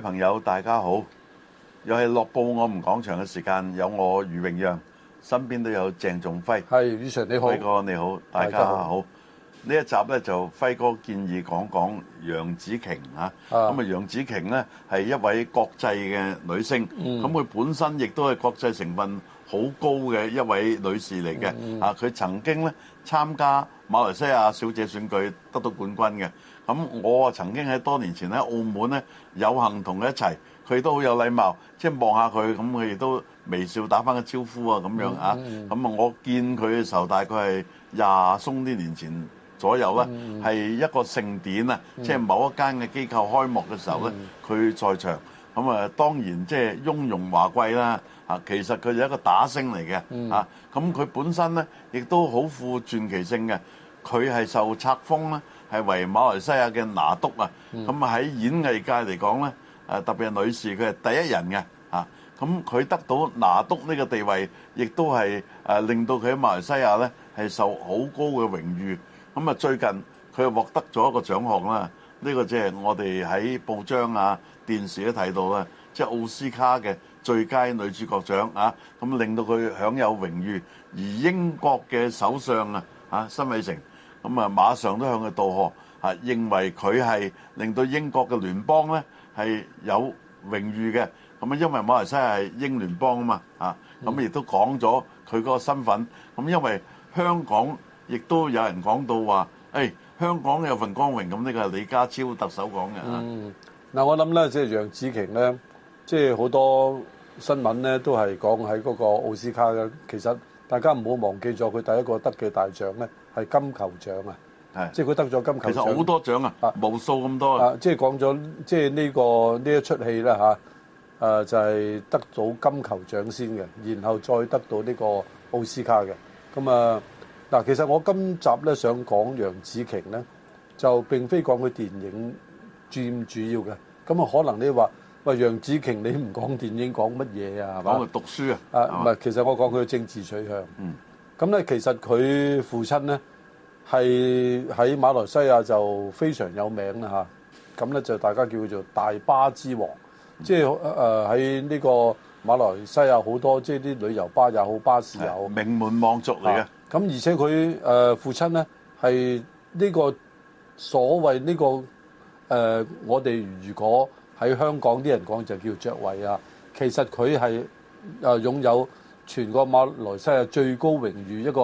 朋友大家好，又係《樂報我唔講場嘅時間，有我余榮讓，身邊都有鄭仲輝。係 e 常你好。輝哥你好，大家好。呢一集咧就輝哥建議講講楊紫瓊咁啊，楊紫瓊咧係一位國際嘅女星，咁佢、嗯、本身亦都係國際成分好高嘅一位女士嚟嘅。啊、嗯嗯，佢曾經咧參加馬來西亞小姐選舉得到冠軍嘅。咁我啊曾經喺多年前喺澳門咧，有幸同佢一齊，佢都好有禮貌，即係望下佢，咁佢亦都微笑打返個招呼啊，咁樣啊。咁啊，我見佢嘅時候，大概係廿鬆啲年前左右啦，係一個盛典啊，即係某一間嘅機構開幕嘅時候咧，佢在場。咁啊，當然即係雍容華貴啦。啊，其實佢就係一個打星嚟嘅。啊，咁佢本身咧亦都好富傳奇性嘅。佢係受冊封啦。係為馬來西亞嘅拿督啊，咁啊喺演藝界嚟講咧，誒特別係女士，佢係第一人嘅嚇。咁佢得到拿督呢個地位，亦都係誒令到佢喺馬來西亞咧係受好高嘅榮譽。咁啊最近佢獲得咗一個獎項啦，呢個即係我哋喺報章啊、電視都睇到啦，即係奧斯卡嘅最佳女主角獎啊，咁令到佢享有榮譽。而英國嘅首相啊，嚇辛偉誠。咁啊，馬上都向佢道賀，啊認為佢係令到英國嘅聯邦呢係有榮譽嘅。咁啊，因為馬來西亞係英聯邦啊嘛，啊咁亦都講咗佢嗰個身份。咁因為香港亦都有人講到話，誒香港有份光榮，咁呢個係李家超特首講嘅。嗯，嗱我諗呢，即係楊紫瓊呢，即係好多新聞呢都係講喺嗰個奧斯卡嘅，其實。大家唔好忘記咗佢第一個得嘅大獎咧，係金球獎啊！係，即係佢得咗金球獎。其實好多獎啊，無數咁多啊！即係講咗，即係呢個呢一出戲咧嚇，誒就係得到金球獎先嘅，然後再得到呢個奧斯卡嘅。咁啊，嗱，其實我今集咧想講楊紫瓊咧，就並非講佢電影佔主要嘅，咁啊可能你話。喂，楊紫瓊，你唔講電影講乜嘢啊？講啊，讀書啊！啊，唔係，其實我講佢嘅政治取向。嗯，咁咧，其實佢父親咧係喺馬來西亞就非常有名吓咁咧、啊、就大家叫做大巴之王，即係誒喺呢個馬來西亞好多即係啲旅遊巴也好，巴士有名門望族嚟嘅。咁、啊、而且佢誒、呃、父親咧係呢個所謂呢、呢個誒、呃，我哋如果。喺香港啲人講就叫爵位啊，其實佢係誒擁有全國馬來西亞最高榮譽一個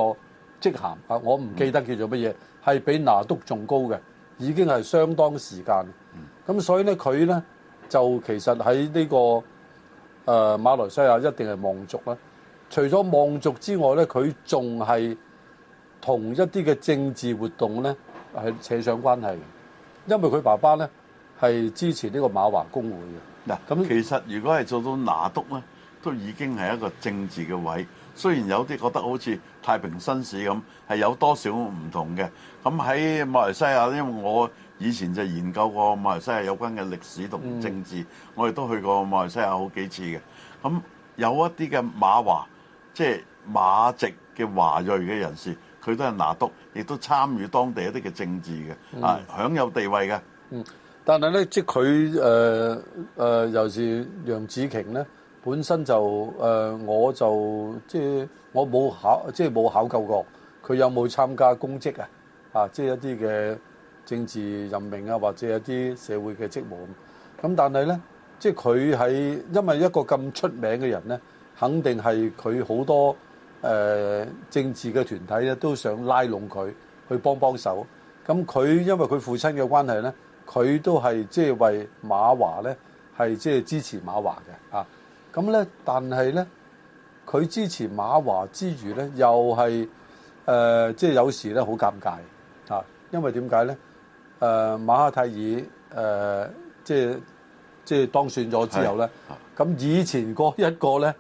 職銜啊，我唔記得叫做乜嘢，係、嗯、比拿督仲高嘅，已經係相當時間。咁、嗯、所以呢，佢呢就其實喺呢、呢個誒、呃、馬來西亞一定係望族啦。除咗望族之外呢，佢仲係同一啲嘅政治活動呢係扯上關係嘅，因為佢爸爸呢。係支持呢個馬華公會嘅嗱。其實如果係做到拿督咧，都已經係一個政治嘅位置。雖然有啲覺得好似太平紳士咁，係有多少唔同嘅。咁喺馬來西亞，因為我以前就研究過馬來西亞有關嘅歷史同政治，嗯、我亦都去過馬來西亞好幾次嘅。咁有一啲嘅馬華即係、就是、馬籍嘅華裔嘅人士，佢都係拿督，亦都參與當地一啲嘅政治嘅啊，嗯、享有地位嘅。嗯但係咧，即係佢呃，呃，又是楊紫瓊咧，本身就呃，我就即係我冇考，即係冇考究過佢有冇參加公職啊？啊，即係一啲嘅政治任命啊，或者一啲社會嘅職務咁、啊。但係咧，即係佢喺因為一個咁出名嘅人咧，肯定係佢好多呃，政治嘅團體咧都想拉攏佢去幫幫手。咁佢因為佢父親嘅關係咧。佢都係即係為馬華咧，係即係支持馬華嘅啊。咁咧，但係咧，佢支持馬華之餘咧，又係即係有時咧好尷尬啊。因為點解咧？誒、呃、馬哈蒂爾誒即係即係當選咗之後咧，咁的以前嗰一個咧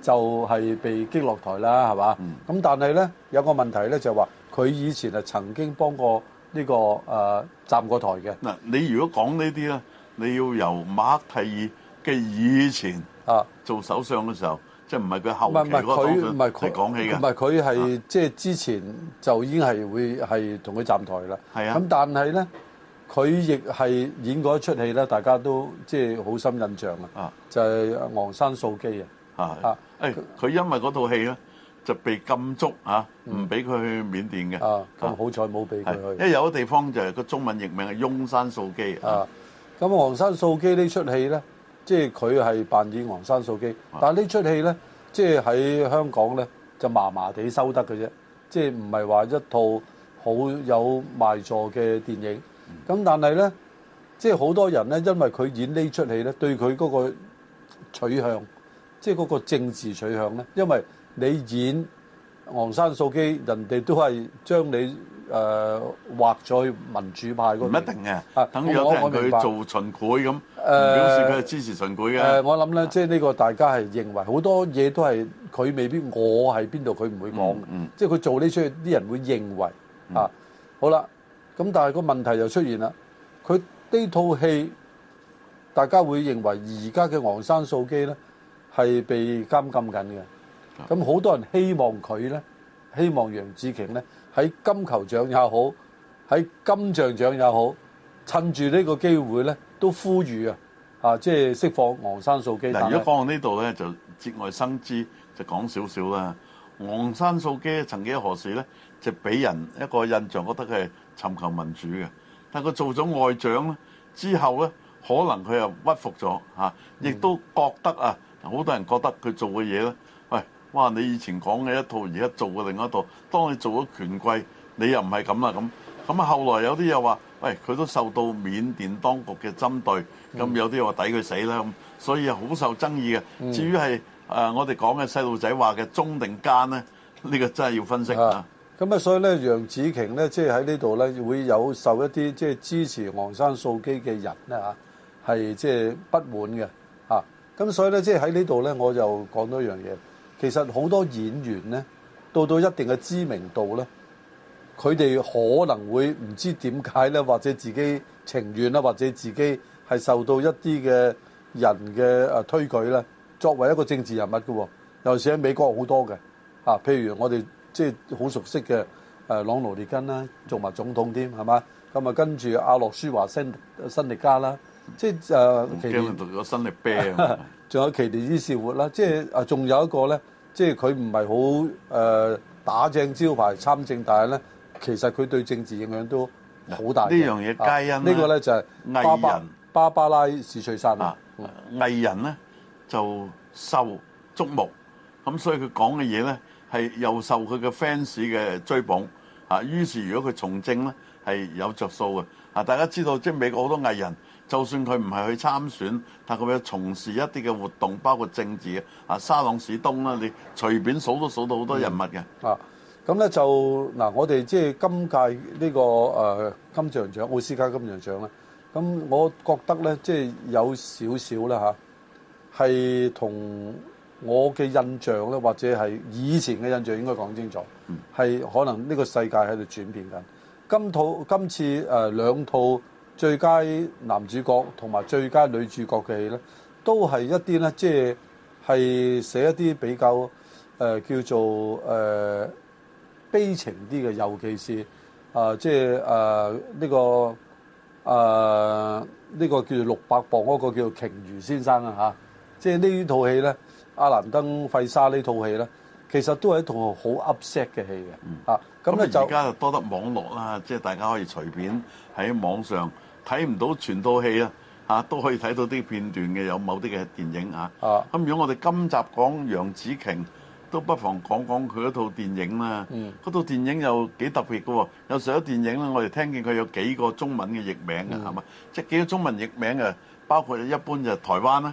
就係、是、被擊落台啦，係嘛？咁、嗯、但係咧有個問題咧，就話、是、佢以前曾經幫過。呢、這個誒、呃、站過台嘅嗱，你如果講呢啲咧，你要由馬克提爾嘅以前啊做首相嘅時候，啊、即係唔係佢後期嗰個講嘅？係講起嘅，唔係佢係即係之前就已經係會係同佢站台啦。係啊，咁但係咧，佢亦係演過一出戲咧，大家都即係好深印象啊。啊，就係《昂山素姬》啊。啊，誒、哎，佢他因為嗰套戲咧。就被禁足嚇，唔俾佢去緬甸嘅。啊，咁好彩冇俾佢去。因為有個地方就個中文譯名係《翁山素姬》啊。咁《翁山素姬》呢出戲咧，即係佢係扮演翁山素姬，但係呢出戲咧，即係喺香港咧就麻麻地收得嘅啫，即係唔係話一套好有賣座嘅電影。咁但係咧，即係好多人咧，因為佢演呢出戲咧，對佢嗰個取向，即係嗰個政治取向咧，因為。你演《昂山素基》，人哋都係將你誒劃在民主派嗰度，唔一定嘅。啊，等於佢做秦檜咁。誒，表示佢係佢支持秦檜嘅。我諗咧，即係呢個大家係認為，好多嘢都係佢未必，我喺邊度，佢唔會講。嗯。即係佢做呢出，啲人會認為啊，好啦。咁但係個問題就出現啦，佢呢套戲，大家會認為而家嘅昂山素基咧係被監禁緊嘅。咁好多人希望佢咧，希望楊紫瓊咧喺金球獎也好，喺金像獎也好，趁住呢個機會咧，都呼籲啊，啊，即係釋放昂山素姬。但如果講到呢度咧，就節外生枝，就講少少啦。昂山素姬曾幾何時咧，就俾人一個印象，覺得佢係尋求民主嘅。但佢做咗外長咧之後咧，可能佢又屈服咗吓，亦都覺得啊，好、嗯、多人覺得佢做嘅嘢咧。哇！你以前講嘅一套，而家做嘅另外一套。當你做咗權貴，你又唔係咁啦咁。咁啊，後來有啲又話，喂，佢都受到緬甸當局嘅針對。咁有啲又話抵佢死啦咁。所以啊，好受爭議嘅。至於係誒，我哋講嘅細路仔話嘅忠定奸咧，呢個真係要分析啦。咁啊，所以咧，楊紫瓊咧，即係喺呢度咧，會有受一啲即係支持昂山素姬嘅人咧嚇，係即係不滿嘅。嚇，咁所以咧，即係喺呢度咧，我就講多一樣嘢。其實好多演員咧，到到一定嘅知名度咧，佢哋可能會唔知點解咧，或者自己情願啦，或者自己係受到一啲嘅人嘅推舉咧，作為一個政治人物嘅喎，尤其喺美國好多嘅，啊，譬如我哋即係好熟悉嘅朗奴列根啦，做埋總統添，係嘛？咁啊，跟住阿洛舒華辛新力加啦，即係誒，驚咗新力啤，仲有奇連伊士活啦，即係仲有一個咧。即係佢唔係好誒打正招牌參政，但係咧，其實佢對政治影響都好大。啊、呢樣嘢皆因呢個咧就係藝人。芭芭人拉史翠珊啊！藝、嗯、人咧就受矚目，咁所以佢講嘅嘢咧係又受佢嘅 fans 嘅追捧啊。於是如果佢從政咧係有着數嘅啊，大家知道即係美國好多藝人。就算佢唔係去參選，但佢會從事一啲嘅活動，包括政治啊，沙朗史東啦，你隨便數都數到好多人物嘅、嗯。啊，咁咧就嗱、啊，我哋即係今屆呢、呢個誒、呃、金像獎奧斯卡金像獎咧，咁我覺得咧，即、就、係、係、有少少啦吓係同我嘅印象咧，或者係以前嘅印象應該講清楚，係、嗯、可能呢個世界喺度轉變緊。今套今次誒、呃、兩套。最佳男主角同埋最佳女主角嘅戲咧，都係一啲咧，即係係寫一啲比較誒、呃、叫做誒、呃、悲情啲嘅，尤其是啊即係啊呢個啊呢、呃這個叫做六百磅嗰、那個叫做鯨魚先生啊嚇，即、就、係、是、呢套戲咧，阿蘭登費沙這呢套戲咧。其實都係一套好 upset 嘅戲嘅、啊，嗯、啊咁咧而家就現在多得網絡啦、啊，即、就、係、是、大家可以隨便喺網上睇唔到全套戲啦、啊，嚇、啊、都可以睇到啲片段嘅有某啲嘅電影啊，咁、啊啊、如果我哋今集講楊紫瓊，都不妨講講佢嗰套電影啦、啊。嗯，嗰套電影又幾特別嘅喎、啊，有時候啲電影咧我哋聽見佢有幾個中文嘅譯名啊係嘛？即係、嗯就是、幾個中文譯名啊包括一般就台灣啦。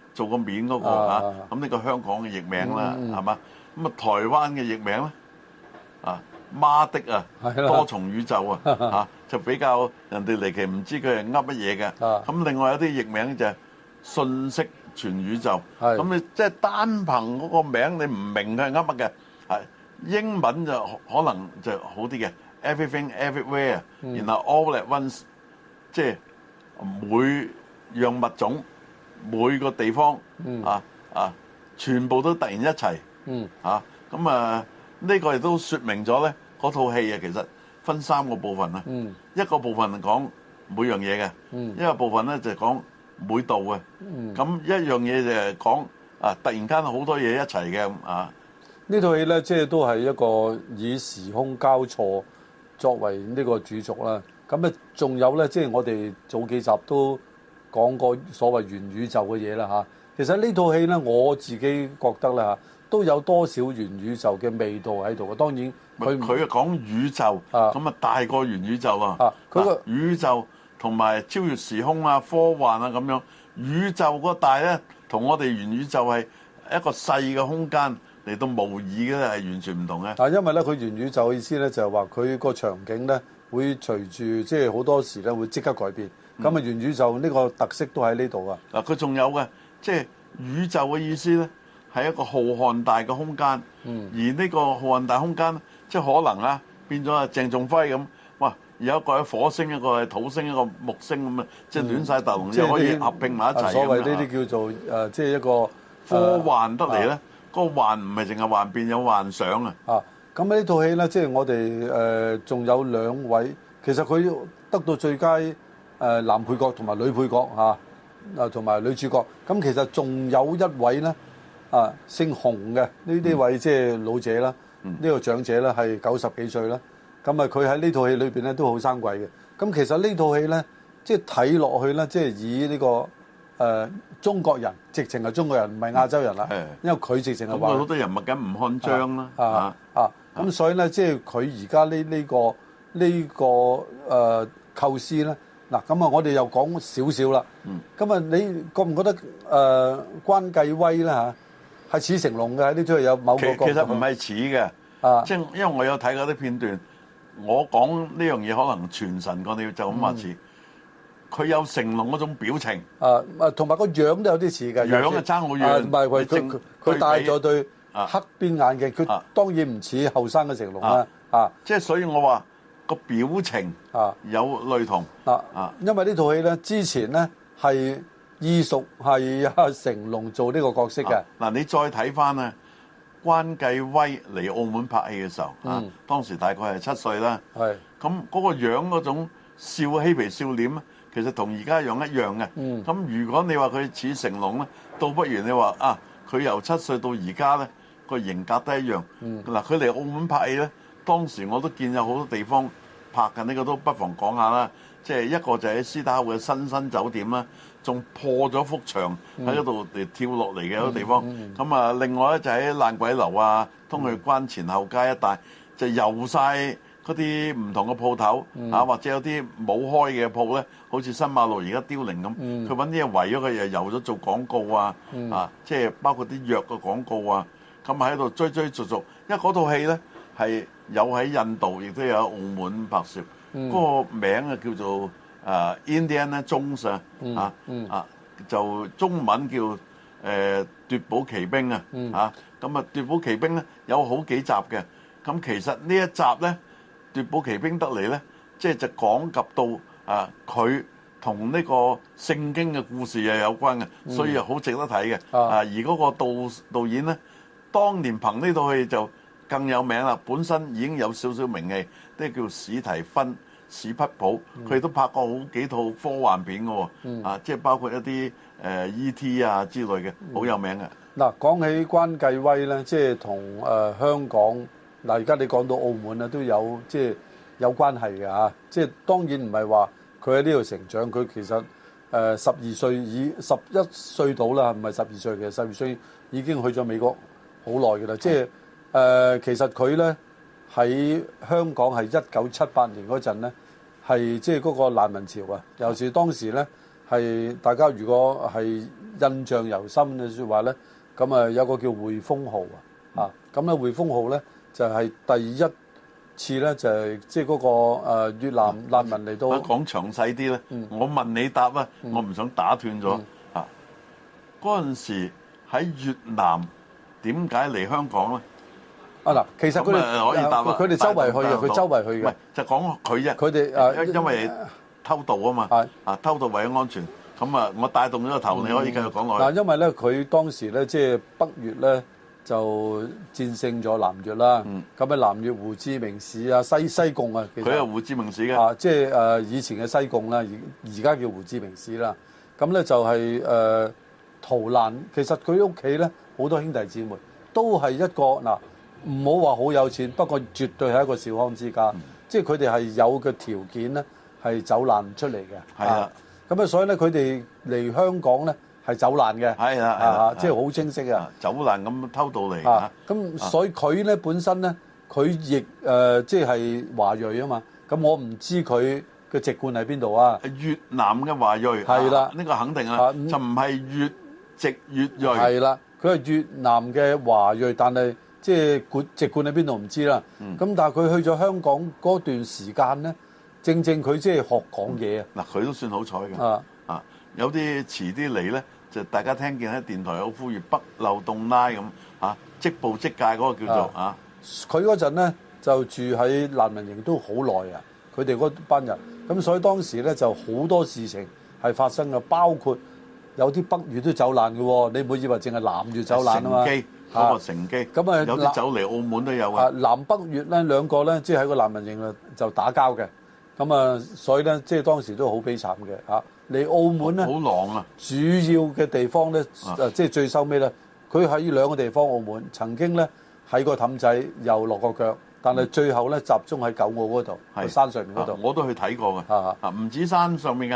做個面嗰個啊，咁呢個香港嘅譯名啦，係嘛？咁啊，台灣嘅譯名咧，啊媽的啊，多重宇宙啊，嚇就比較人哋離奇唔知佢係噏乜嘢嘅。咁另外有啲譯名就係信息全宇宙，咁你即係單憑嗰個名你唔明佢係噏乜嘅，係英文就可能就好啲嘅，everything everywhere，然後 all at once，即係每樣物種。每個地方啊、嗯、啊，全部都突然一齊、嗯、啊！咁啊，呢、呢個亦都説明咗咧，嗰套戲啊，其實分三個部分啦、啊。嗯、一個部分講每樣嘢嘅，嗯、一個部分咧就係講每度嘅。咁、嗯、一樣嘢就係講啊，突然間好多嘢一齊嘅咁啊。這呢套戲咧，即、就、係、係、都係一個以時空交錯作為呢個主軸啦。咁啊，仲有咧，即係我哋早幾集都，講過所謂元宇宙嘅嘢啦嚇，其實呢套戲呢，我自己覺得咧都有多少元宇宙嘅味道喺度嘅。當然佢佢講宇宙咁啊大過元宇宙啊，嗱、啊、宇宙同埋超越時空啊、科幻啊咁樣，宇宙嗰大呢，同我哋元宇宙係一個細嘅空間嚟到模擬嘅係完全唔同嘅。但、啊、因為呢，佢元宇宙嘅意思呢，就係話佢個場景呢。會隨住即係好多時咧，會即刻改變。咁啊、嗯，元宇宙呢個特色都喺呢度啊。嗱，佢仲有嘅，即係宇宙嘅意思咧，係一個浩瀚大嘅空間。嗯。而呢個浩瀚大空間即係可能咧變咗阿鄭仲輝咁，哇，有一個喺火星，一個係土星，一個木星咁啊，即係亂曬頭，又、嗯、可以合併埋一齊。所謂呢啲叫做即係、啊呃就是、一個科幻得嚟咧。啊、個幻唔係淨係幻變，有幻想啊。啊。咁呢套戲呢，即係我哋誒仲有兩位，其實佢得到最佳誒、呃、男配角同埋女配角啊同埋、啊、女主角。咁、啊、其實仲有一位呢，啊姓洪嘅呢啲位即係老者啦，呢、呢個長者呢，係九十幾歲啦。咁啊，佢喺呢套戲裏面呢，都好生鬼嘅。咁其實呢套戲呢，即係睇落去呢，即係以呢個誒中國人，直情係中國人，唔係亞洲人啦。因為佢直情係話。咁我人物緊唔勻張啦。啊啊！啊啊啊。咁所以咧，即係佢而家呢呢個呢、呢個誒、呢個呃、構思咧，嗱咁啊，我哋又講少少啦。嗯。咁啊，你覺唔覺得誒、呃、關繼威咧係似成龍嘅？呢啲都有某個角度。其實唔係似嘅。啊。即係因為我有睇過啲片段，我講呢樣嘢可能傳神過你，就咁話似。佢有成龍嗰種表情。啊同埋個樣都有啲似嘅。樣係爭好遠。唔係、啊，佢佢正戴咗對黑邊眼鏡，佢當然唔似後生嘅成龍啦，啊就是。啊，即係所以我話個表情啊有類同啊啊，因為呢套戲咧之前咧係意屬係成龍做呢個角色嘅。嗱，啊啊啊，你再睇翻啊關繼威嚟澳門拍戲嘅時候啊，當時大概係七歲啦。係咁嗰個樣嗰種笑嬉皮笑臉咧，其實同而家一樣一樣嘅。咁如果你話佢似成龍咧，倒不如你話啊，佢由七歲到而家咧。個型格都一樣。嗱，佢嚟澳門拍戲咧，當時我都見有好多地方拍緊，呢個都不妨講下啦。即係一個就喺司打口新新酒店啦，仲破咗幅牆喺嗰度跳落嚟嘅一個地方。咁啊，另外咧就喺爛鬼樓啊，通去關前後街一帶，就游晒嗰啲唔同嘅鋪頭啊，或者有啲冇開嘅鋪咧，好似新馬路而家凋零咁，佢揾啲嘢圍咗佢，又遊咗做廣告啊，啊，即係包括啲藥嘅廣告啊。咁喺度追追逐逐，因為嗰套戲咧係有喺印度，亦都有喺澳門拍攝。嗰個名啊叫做 Ind 啊 Indiana Jones，啊啊，就中文叫誒奪寶奇兵啊啊。咁啊奪寶奇兵咧有好幾集嘅。咁其實呢一集咧奪寶奇兵得嚟咧，即係就講及到啊佢同呢個聖經嘅故事又有關嘅，所以好值得睇嘅啊。而嗰個導演咧。當年憑呢套戲就更有名啦，本身已經有少少名氣，即係叫史提芬史匹普，佢都拍過好幾套科幻片嘅喎，啊，即係包括一啲誒 E.T. 啊之類嘅，好有名嘅。嗱，講起關繼威咧，即係同誒香港，嗱而家你講到澳門咧，都有即係有關係嘅嚇，即係當然唔係話佢喺呢度成長，佢其實誒十二歲已十一歲到啦，唔係十二歲嘅，其實十二歲已經去咗美國。好耐㗎喇，即係誒、呃，其實佢咧喺香港係一九七八年嗰陣咧，係即係嗰個難民潮啊！尤其是當時咧，係大家如果係印象猶深嘅説話咧，咁啊有個叫匯豐號啊，啊咁咧匯豐號咧就係、是、第一次咧就係即係嗰個越南難民嚟到。我講詳細啲咧，嗯、我問你答啊，我唔想打斷咗、嗯嗯、啊。嗰陣時喺越南。點解嚟香港咧？啊嗱，其實佢哋可以搭佢哋周圍去嘅。佢周圍去嘅。就講佢啫。佢哋誒，因為偷渡啊嘛。係啊，偷渡為咗安全咁啊，我帶動咗個頭，你可以繼續講落。嗱，因為咧，佢當時咧，即係北越咧就戰勝咗南越啦。嗯，咁啊，南越胡志明市啊，西西貢啊，佢係胡志明市嘅啊，即係誒以前嘅西貢啦，而而家叫胡志明市啦。咁咧就係誒逃難，其實佢屋企咧。好多兄弟姊妹都係一個嗱，唔好話好有錢，不過絕對係一個小康之家，嗯、即係佢哋係有嘅條件咧，係走難出嚟嘅。係啦的，咁啊，所以咧，佢哋嚟香港咧係走難嘅。係啦，係啦，啊、即係好清晰啊，走難咁偷渡嚟啊。咁所以佢咧、啊、本身咧，佢亦誒即係華裔啊嘛。咁我唔知佢嘅籍貫喺邊度啊？越南嘅華裔係啦，呢的、啊這個肯定啊，就唔係越籍越裔係啦。的佢係越南嘅華裔，但係即係籍籍貫喺邊度唔知啦。咁、嗯、但係佢去咗香港嗰段時間咧，正正佢即係學講嘢、嗯、啊。嗱，佢都算好彩嘅。啊有啲遲啲嚟咧，就大家聽見喺電台有呼籲北漏洞拉咁啊即捕即解嗰個叫做。佢嗰陣咧就住喺難民營都好耐啊。佢哋嗰班人咁，所以當時咧就好多事情係發生嘅，包括。有啲北越都走難嘅喎，你唔好以為淨係南越走難啊嘛。成機，嚇成是機。咁啊，那南有啲走嚟澳門都有嘅、就是就是。啊，南北越咧兩個咧，即係喺個難民營啊就打交嘅，咁啊，所以咧，即係當時都好悲慘嘅嚇。嚟澳門咧，好狼啊。主要嘅地方咧，即係最收尾咧，佢喺呢兩個地方，澳門曾經咧喺個氹仔又落過腳。但係最後咧，集中喺九澳嗰度，的山上面嗰度，我都去睇過嘅。啊的，唔止山上面嘅，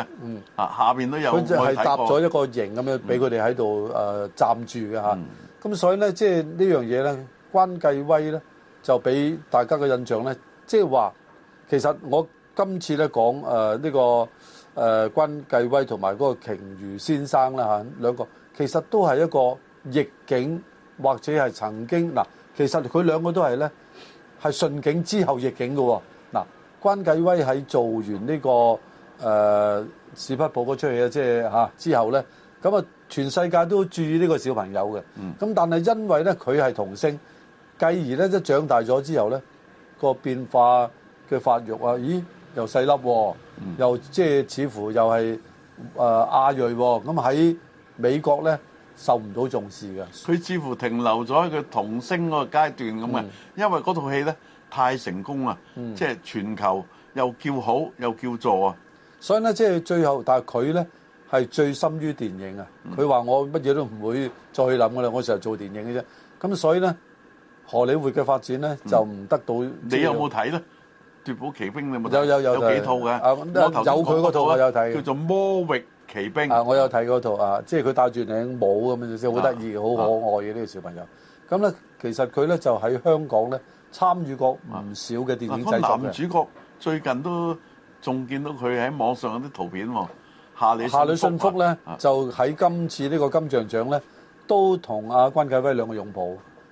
啊的下邊都有。佢就係搭咗一個營咁樣俾佢哋喺度誒站住嘅咁、嗯啊、所以咧，即係呢樣嘢咧，關繼威咧就俾大家嘅印象咧，即係話其實我今次咧講誒呢、呃呢個誒、呃、關繼威同埋嗰個鯨魚先生啦嚇、啊、兩個，其實都係一個逆境或者係曾經嗱、啊，其實佢兩個都係咧。係順境之後逆境嘅喎、哦，嗱，關繼威喺做完呢、這個誒史匹堡嗰出戲，即係嚇之後咧，咁啊全世界都注意呢個小朋友嘅。咁、嗯、但係因為咧佢係童星，繼而咧即係長大咗之後咧、那個變化嘅發育啊，咦，又細粒、哦，嗯、又即係、就是、似乎又係誒、呃、亞裔、哦，咁喺美國咧。受唔到重視嘅，佢似乎停留咗喺佢童星嗰個階段咁嘅，因為嗰套戲咧太成功啊，即係全球又叫好又叫座啊，所以咧即係最後，但係佢咧係最深於電影啊，佢話我乜嘢都唔會再諗嘅啦，我成日做電影嘅啫，咁所以咧荷里活嘅發展咧就唔得到。你有冇睇咧？《奪寶奇兵》你有冇？有有有幾套嘅，有佢嗰套啊，我有睇，叫做《魔域》。奇兵啊！我有睇嗰套啊，即係佢戴住頂帽咁樣，就係、啊、好得意、好可愛嘅呢個小朋友。咁咧、啊，其實佢咧就喺香港咧參與過唔少嘅電影製作、啊、男主角最近都仲見到佢喺網上嗰啲圖片、哦，夏里信福咧、啊啊、就喺今次呢個金像獎咧都同阿、啊、關繼威兩個擁抱，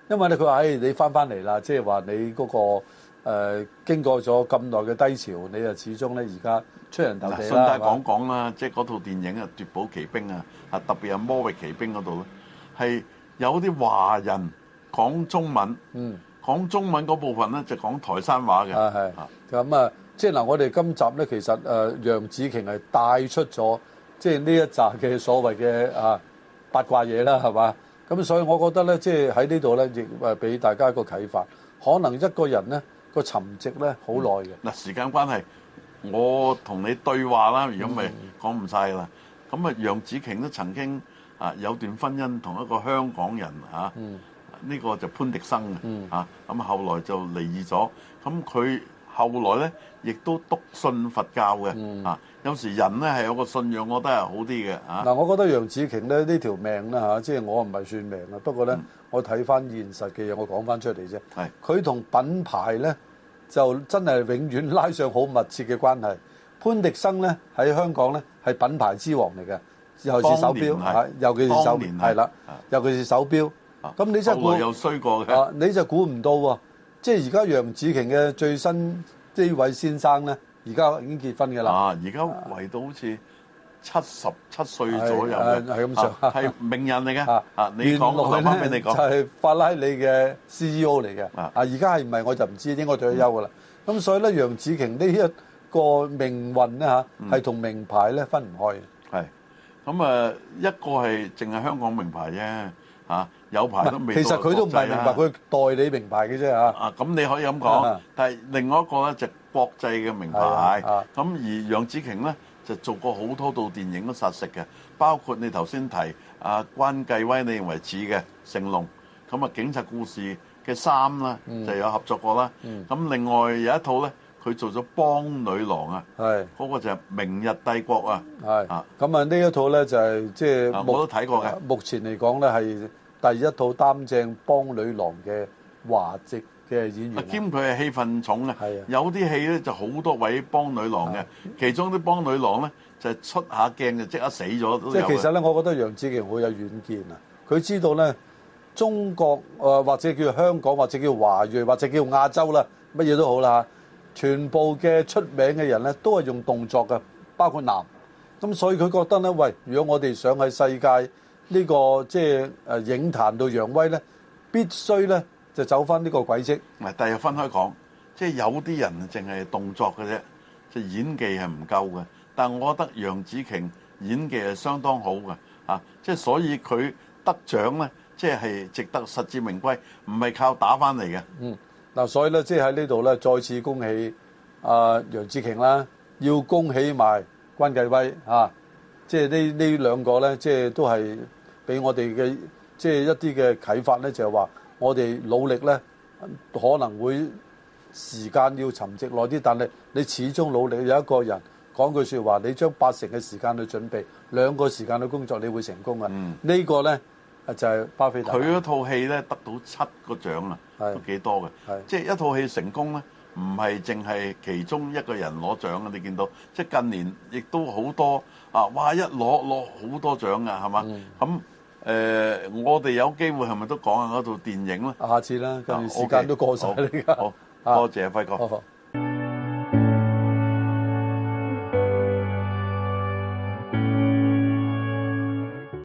因為咧佢話，唉，你翻翻嚟啦，即係話你嗰、那個。誒、呃、經過咗咁耐嘅低潮，你就始終咧而家出人頭地啦。順帶講講啦，吧即係嗰套電影啊，《奪寶奇兵》啊，啊特別係《魔域奇兵》嗰度係有啲華人講中文，嗯、講中文嗰部分咧就講台山話嘅。咁啊，即係嗱，我哋今集咧，其實誒、呃、楊紫瓊係帶出咗，即係呢一集嘅所謂嘅啊八卦嘢啦，係嘛？咁所以我覺得咧，即係喺呢度咧，亦誒俾大家一個啟發，可能一個人咧。個沉寂咧好耐嘅嗱，時間關係，嗯、我同你對話啦，如果咪講唔晒啦，咁啊楊紫瓊都曾經啊有段婚姻同一個香港人啊，呢、嗯、個就潘迪生嘅咁、嗯啊、後來就離異咗，咁、啊、佢後來咧亦都篤信佛教嘅、嗯、啊，有時人咧係有個信仰，我覺得係好啲嘅。嗱，我覺得楊紫瓊咧呢條命啦嚇，即係我唔係算命啊，不過咧。嗯我睇翻現實嘅嘢，我講翻出嚟啫。係佢同品牌咧，就真係永遠拉上好密切嘅關係。潘迪生咧喺香港咧係品牌之王嚟嘅，尤其是手錶，尤其是手錶啦，尤其是手錶咁、啊啊、你真係估又衰過你就估唔到喎、啊！即係而家楊紫瓊嘅最新呢位先生咧，而家已經結婚㗎啦。啊！而家圍到好似～、啊七十七歲左右嘅，係咁上，係名人嚟嘅。啊，你講我翻俾你講，就係法拉利嘅 CEO 嚟嘅。啊，啊，而家係唔係我就唔知，應該退休噶啦。咁所以咧，楊紫瓊呢一個命運咧嚇，係同名牌咧分唔開嘅。係，咁啊一個係淨係香港名牌啫。嚇，有牌都未。其實佢都唔係名牌，佢代理名牌嘅啫嚇。啊，咁你可以咁講。但係另外一個咧就國際嘅名牌。啊，咁而楊紫瓊咧。就做過好多套電影都實食嘅，包括你頭先提阿關繼威你認為似嘅成龍，咁啊警察故事嘅三啦就有合作過啦。咁另外有一套咧，佢做咗邦女郎啊，嗰個就係《明日帝國》啊。係。咁啊呢一套咧就係即係我都睇過嘅。目前嚟講咧係第一套擔正邦女郎嘅華籍。即係演員，兼佢係戲份重啊！有啲戲咧就好多位幫女郎嘅，其中啲幫女郎咧就出下鏡就即刻死咗。即係其實咧，我覺得楊紫瓊好有遠見啊！佢知道咧，中國誒或者叫香港或者叫華裔或者叫亞洲啦，乜嘢都好啦，全部嘅出名嘅人咧都係用動作嘅，包括男。咁所以佢覺得咧，喂，如果我哋想喺世界呢個即係誒影壇度揚威咧，必須咧。就走翻呢個軌跡，第二，但係分開講，即、就、係、是、有啲人淨係動作嘅啫，就是、演技係唔夠嘅。但係我覺得楊紫瓊演技係相當好嘅，啊，即、就、係、是、所以佢得獎咧，即、就、係、是、值得實至名歸，唔係靠打翻嚟嘅。嗱、嗯嗯，所以咧，即係喺呢度咧，再次恭喜啊、呃、楊紫瓊啦，要恭喜埋關繼威啊，即係呢呢兩個咧，即係都係俾我哋嘅即係一啲嘅啟發咧，就係、是、話。就是我哋努力呢，可能會時間要沉寂耐啲，但係你始終努力，有一個人講句說話，你將八成嘅時間去準備兩個時間去工作，你會成功呢、嗯、呢個呢，就係、是、巴菲特。佢一套戲呢，得到七個獎啊，是都幾多嘅，是即係一套戲成功呢，唔係淨係其中一個人攞獎啊！你見到即係近年亦都好多啊，哇！一攞攞好多獎啊，係嘛？咁、嗯嗯.誒、呃，我哋有機會係咪都講下嗰套電影咧？下次啦，時間都過曬啦，好多謝輝哥。好好。